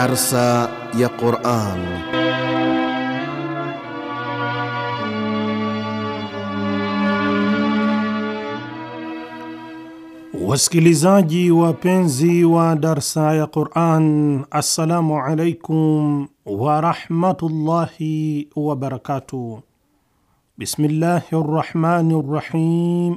درس قرآن Wasikilizaji wapenzi wa darsa ya Quran, assalamu alaikum warahmatullahi wabarakatuh. Bismillahi rrahmani rahim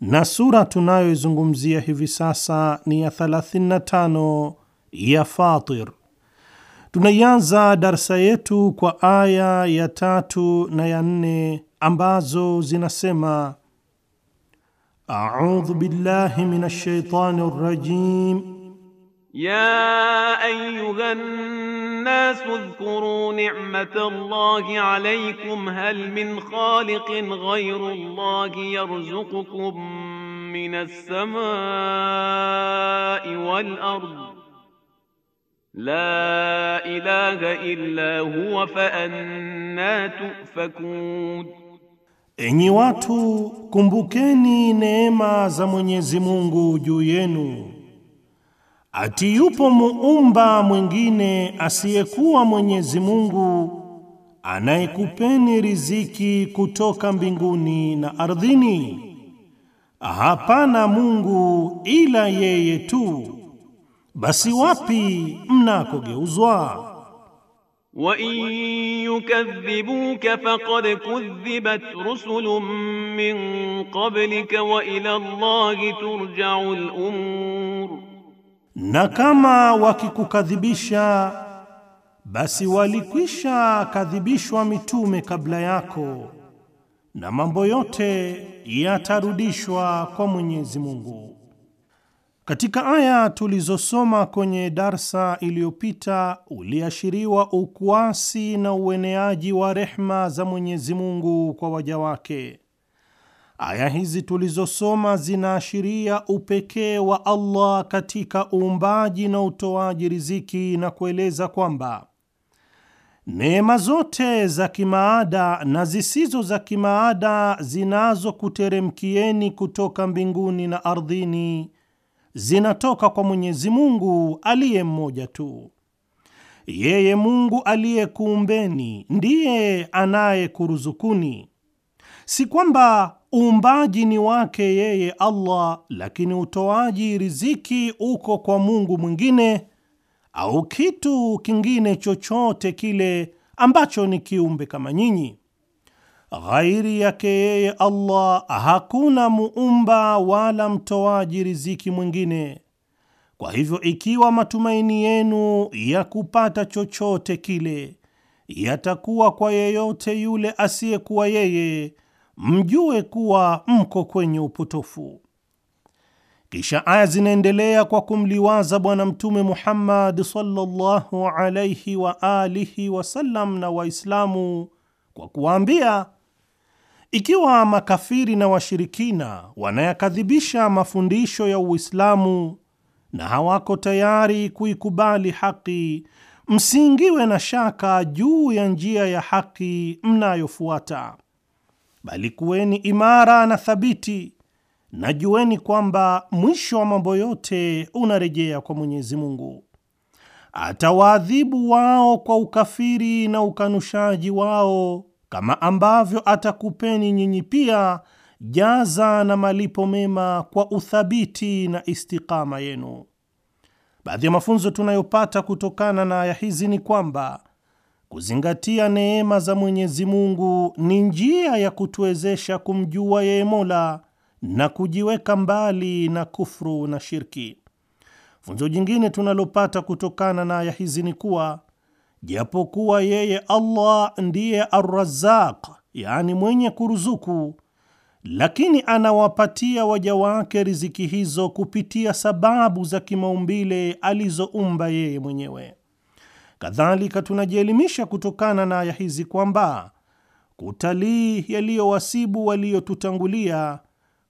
na sura tunayoizungumzia hivi sasa ni ya 35 ya Fatir. Tunaianza darsa yetu kwa aya ya tatu na ya nne ambazo zinasema: audhu billahi minash shaitani rajim ya ayuhan الناس اذكروا نعمة الله عليكم هل من خالق غير الله يرزقكم من السماء والأرض لا إله إلا هو فأنا تؤفكون Enyi watu, kumbukeni neema za Mwenyezi Mungu juu yenu Ati yupo muumba mwingine asiyekuwa Mwenyezi Mungu anayekupeni riziki kutoka mbinguni na ardhini? Hapana Mungu ila yeye tu, basi wapi mnakogeuzwa? Wa in yukadhibuka faqad kudhibat rusulun min qablika wa ila Allahi turja'u umur na kama wakikukadhibisha basi walikwisha kadhibishwa mitume kabla yako, na mambo yote yatarudishwa kwa Mwenyezi Mungu. Katika aya tulizosoma kwenye darsa iliyopita, uliashiriwa ukuasi na ueneaji wa rehma za Mwenyezi Mungu kwa waja wake Aya hizi tulizosoma zinaashiria upekee wa Allah katika uumbaji na utoaji riziki na kueleza kwamba neema zote za kimaada na zisizo za kimaada zinazokuteremkieni kutoka mbinguni na ardhini zinatoka kwa Mwenyezi Mungu aliye mmoja tu. Yeye Mungu aliyekuumbeni ndiye anayekuruzukuni si kwamba uumbaji ni wake yeye Allah, lakini utoaji riziki uko kwa Mungu mwingine au kitu kingine chochote kile ambacho ni kiumbe kama nyinyi. Ghairi yake yeye Allah hakuna muumba wala mtoaji riziki mwingine. Kwa hivyo, ikiwa matumaini yenu ya kupata chochote kile yatakuwa kwa yeyote yule asiyekuwa yeye mjue kuwa mko kwenye upotofu. Kisha aya zinaendelea kwa kumliwaza Bwana Mtume Muhammad sallallahu alaihi wa alihi wasallam na Waislamu kwa kuwaambia, ikiwa makafiri na washirikina wanayakadhibisha mafundisho ya Uislamu na hawako tayari kuikubali haki, msiingiwe na shaka juu ya njia ya haki mnayofuata bali kuweni imara na thabiti, na jueni kwamba mwisho wa mambo yote unarejea kwa Mwenyezi Mungu. Atawaadhibu wao kwa ukafiri na ukanushaji wao, kama ambavyo atakupeni nyinyi pia jaza na malipo mema kwa uthabiti na istikama yenu. Baadhi ya mafunzo tunayopata kutokana na aya hizi ni kwamba Kuzingatia neema za Mwenyezi Mungu ni njia ya kutuwezesha kumjua yeye Mola na kujiweka mbali na kufru na shirki. Funzo jingine tunalopata kutokana na aya hizi ni kuwa japokuwa yeye Allah ndiye ar yani yaani mwenye kuruzuku, lakini anawapatia waja wake riziki hizo kupitia sababu za kimaumbile alizoumba yeye mwenyewe. Kadhalika tunajielimisha kutokana na aya hizi kwamba kutalii yaliyowasibu waliotutangulia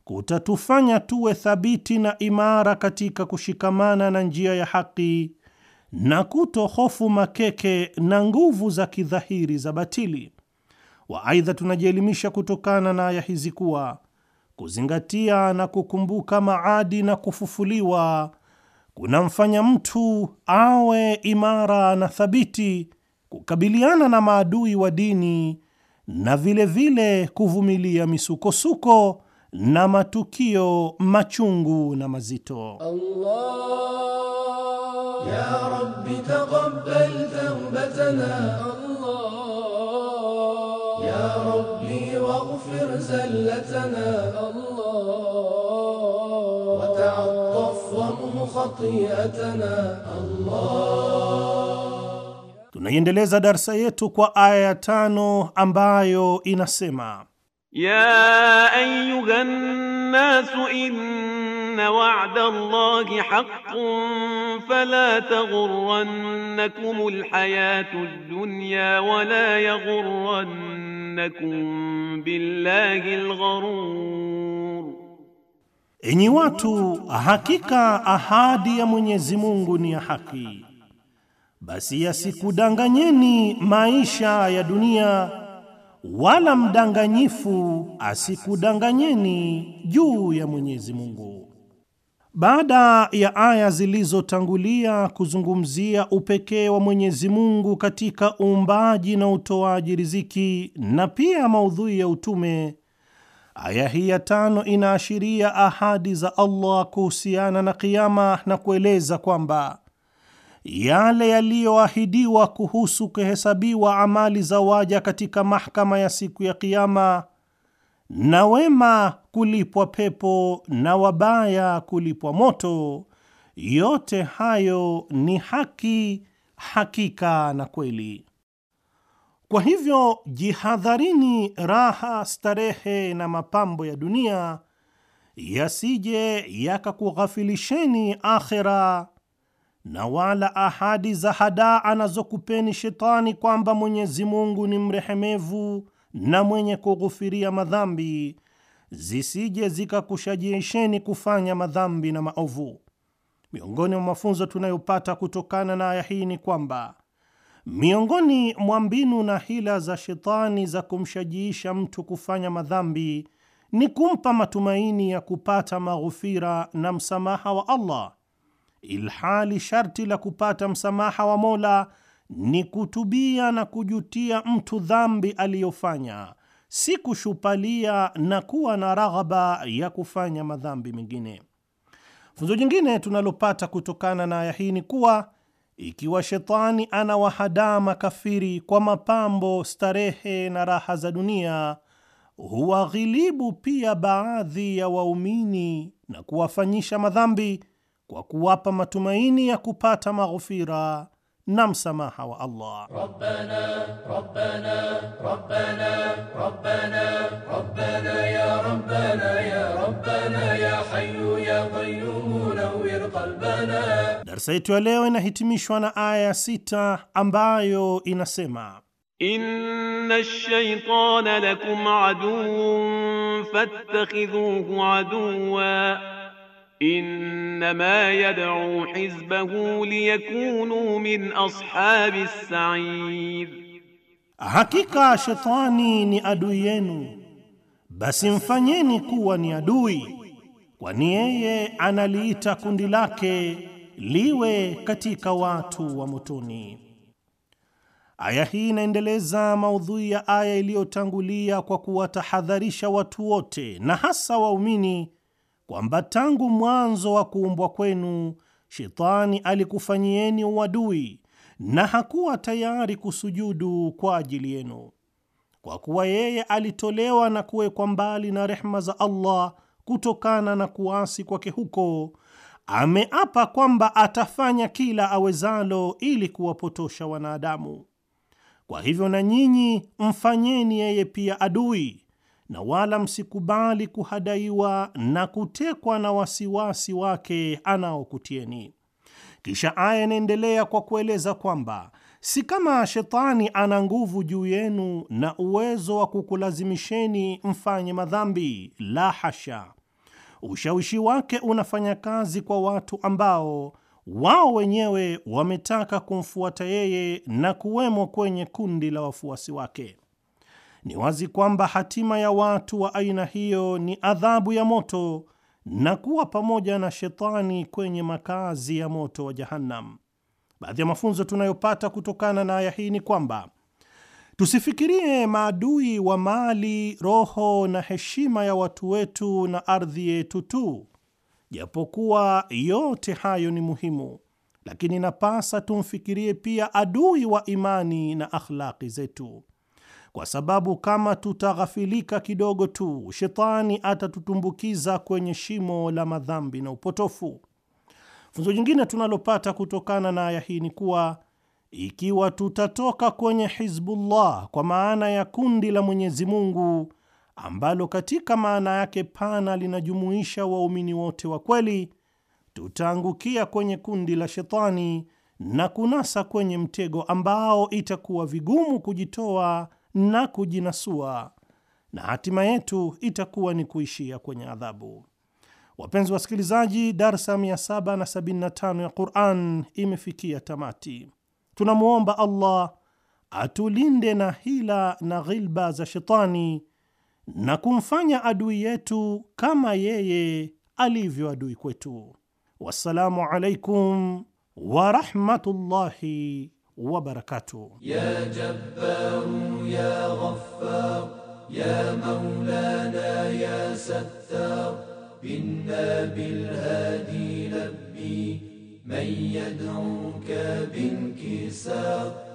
kutatufanya tuwe thabiti na imara katika kushikamana na njia ya haki na kuto hofu makeke na nguvu za kidhahiri za batili. wa Aidha, tunajielimisha kutokana na aya hizi kuwa kuzingatia na kukumbuka maadi na kufufuliwa kunamfanya mtu awe imara na thabiti kukabiliana na maadui wa dini na vilevile kuvumilia misukosuko na matukio machungu na mazito. Allah, ya Rabbi taqabbal tawbatana. Allah, ya Rabbi waghfir zallatana. Allah khati'atana Allah. Tunaiendeleza darsa yetu kwa aya ya tano ambayo inasema ya ayuha nnasu inna wa'da llahi haqqun fala taghurrannakum alhayatu ad-dunya wa la yaghurrannakum billahi algharur Enyi watu, hakika ahadi ya Mwenyezi Mungu ni ya haki, basi yasikudanganyeni maisha ya dunia, wala mdanganyifu asikudanganyeni juu ya Mwenyezi Mungu. Baada ya aya zilizotangulia kuzungumzia upekee wa Mwenyezi Mungu katika uumbaji na utoaji riziki na pia maudhui ya utume Aya hii ya tano inaashiria ahadi za Allah kuhusiana na kiama na kueleza kwamba yale yaliyoahidiwa kuhusu kuhesabiwa amali za waja katika mahakama ya siku ya kiama, na wema kulipwa pepo na wabaya kulipwa moto, yote hayo ni haki, hakika na kweli. Kwa hivyo jihadharini raha, starehe na mapambo ya dunia yasije yakakughafilisheni akhera, na wala ahadi za hadaa anazokupeni shetani kwamba Mwenyezi Mungu ni mrehemevu na mwenye kughufiria madhambi zisije zikakushajiisheni kufanya madhambi na maovu. Miongoni mwa mafunzo tunayopata kutokana na aya hii ni kwamba Miongoni mwa mbinu na hila za shetani za kumshajiisha mtu kufanya madhambi ni kumpa matumaini ya kupata maghufira na msamaha wa Allah, ilhali sharti la kupata msamaha wa Mola ni kutubia na kujutia mtu dhambi aliyofanya, si kushupalia na kuwa na raghaba ya kufanya madhambi mengine. Funzo jingine tunalopata kutokana na aya hii ni kuwa ikiwa shetani anawahadaa makafiri kwa mapambo, starehe na raha za dunia, huwaghilibu pia baadhi ya waumini na kuwafanyisha madhambi kwa kuwapa matumaini ya kupata maghufira na msamaha wa Allah. Rabbana, Rabbana, Rabbana, Rabbana, Rabbana ya Rabbana ya Rabbana ya Hayyu ya Qayyum nawwir qalbana. Darsa yetu ya leo inahitimishwa na aya ya sita ambayo inasema Inna shaytana lakum aduwwun fattakhidhuhu aduwwa Innama yad'u hizbahu liyakunu min ashabi sa'ir, hakika shetani ni adui yenu, basi mfanyeni kuwa ni adui, kwani yeye analiita kundi lake liwe katika watu wa motoni. Aya hii inaendeleza maudhui ya aya iliyotangulia kwa kuwatahadharisha watu wote na hasa waumini kwamba tangu mwanzo wa kuumbwa kwenu shetani alikufanyieni uadui na hakuwa tayari kusujudu kwa ajili yenu, kwa kuwa yeye alitolewa na kuwekwa mbali na rehma za Allah kutokana na kuasi kwake huko. Ameapa kwamba atafanya kila awezalo ili kuwapotosha wanadamu. Kwa hivyo, na nyinyi mfanyeni yeye pia adui na wala msikubali kuhadaiwa na kutekwa na wasiwasi wake anaokutieni. Kisha aya inaendelea kwa kueleza kwamba si kama shetani ana nguvu juu yenu na uwezo wa kukulazimisheni mfanye madhambi, la hasha. Ushawishi wake unafanya kazi kwa watu ambao wao wenyewe wametaka kumfuata yeye na kuwemo kwenye kundi la wafuasi wake. Ni wazi kwamba hatima ya watu wa aina hiyo ni adhabu ya moto na kuwa pamoja na shetani kwenye makazi ya moto wa Jahannam. Baadhi ya mafunzo tunayopata kutokana na aya hii ni kwamba tusifikirie maadui wa mali, roho na heshima ya watu wetu na ardhi yetu tu, japokuwa yote hayo ni muhimu, lakini napasa tumfikirie pia adui wa imani na akhlaqi zetu kwa sababu kama tutaghafilika kidogo tu, shetani atatutumbukiza kwenye shimo la madhambi na upotofu. Funzo jingine tunalopata kutokana na aya hii ni kuwa ikiwa tutatoka kwenye Hizbullah kwa maana ya kundi la Mwenyezi Mungu ambalo katika maana yake pana linajumuisha waumini wote wa kweli, tutaangukia kwenye kundi la shetani na kunasa kwenye mtego ambao itakuwa vigumu kujitoa na kujinasua, na hatima yetu itakuwa ni kuishia kwenye adhabu. Wapenzi wasikilizaji, darsa 775 ya Quran imefikia tamati. Tunamwomba Allah atulinde na hila na ghilba za shetani na kumfanya adui yetu kama yeye alivyo adui kwetu. Wassalamu alaikum warahmatullahi وبركاته يا جبار يا غفار يا مولانا يا ستار بنا بالهادي لبي من يدعوك بانكسار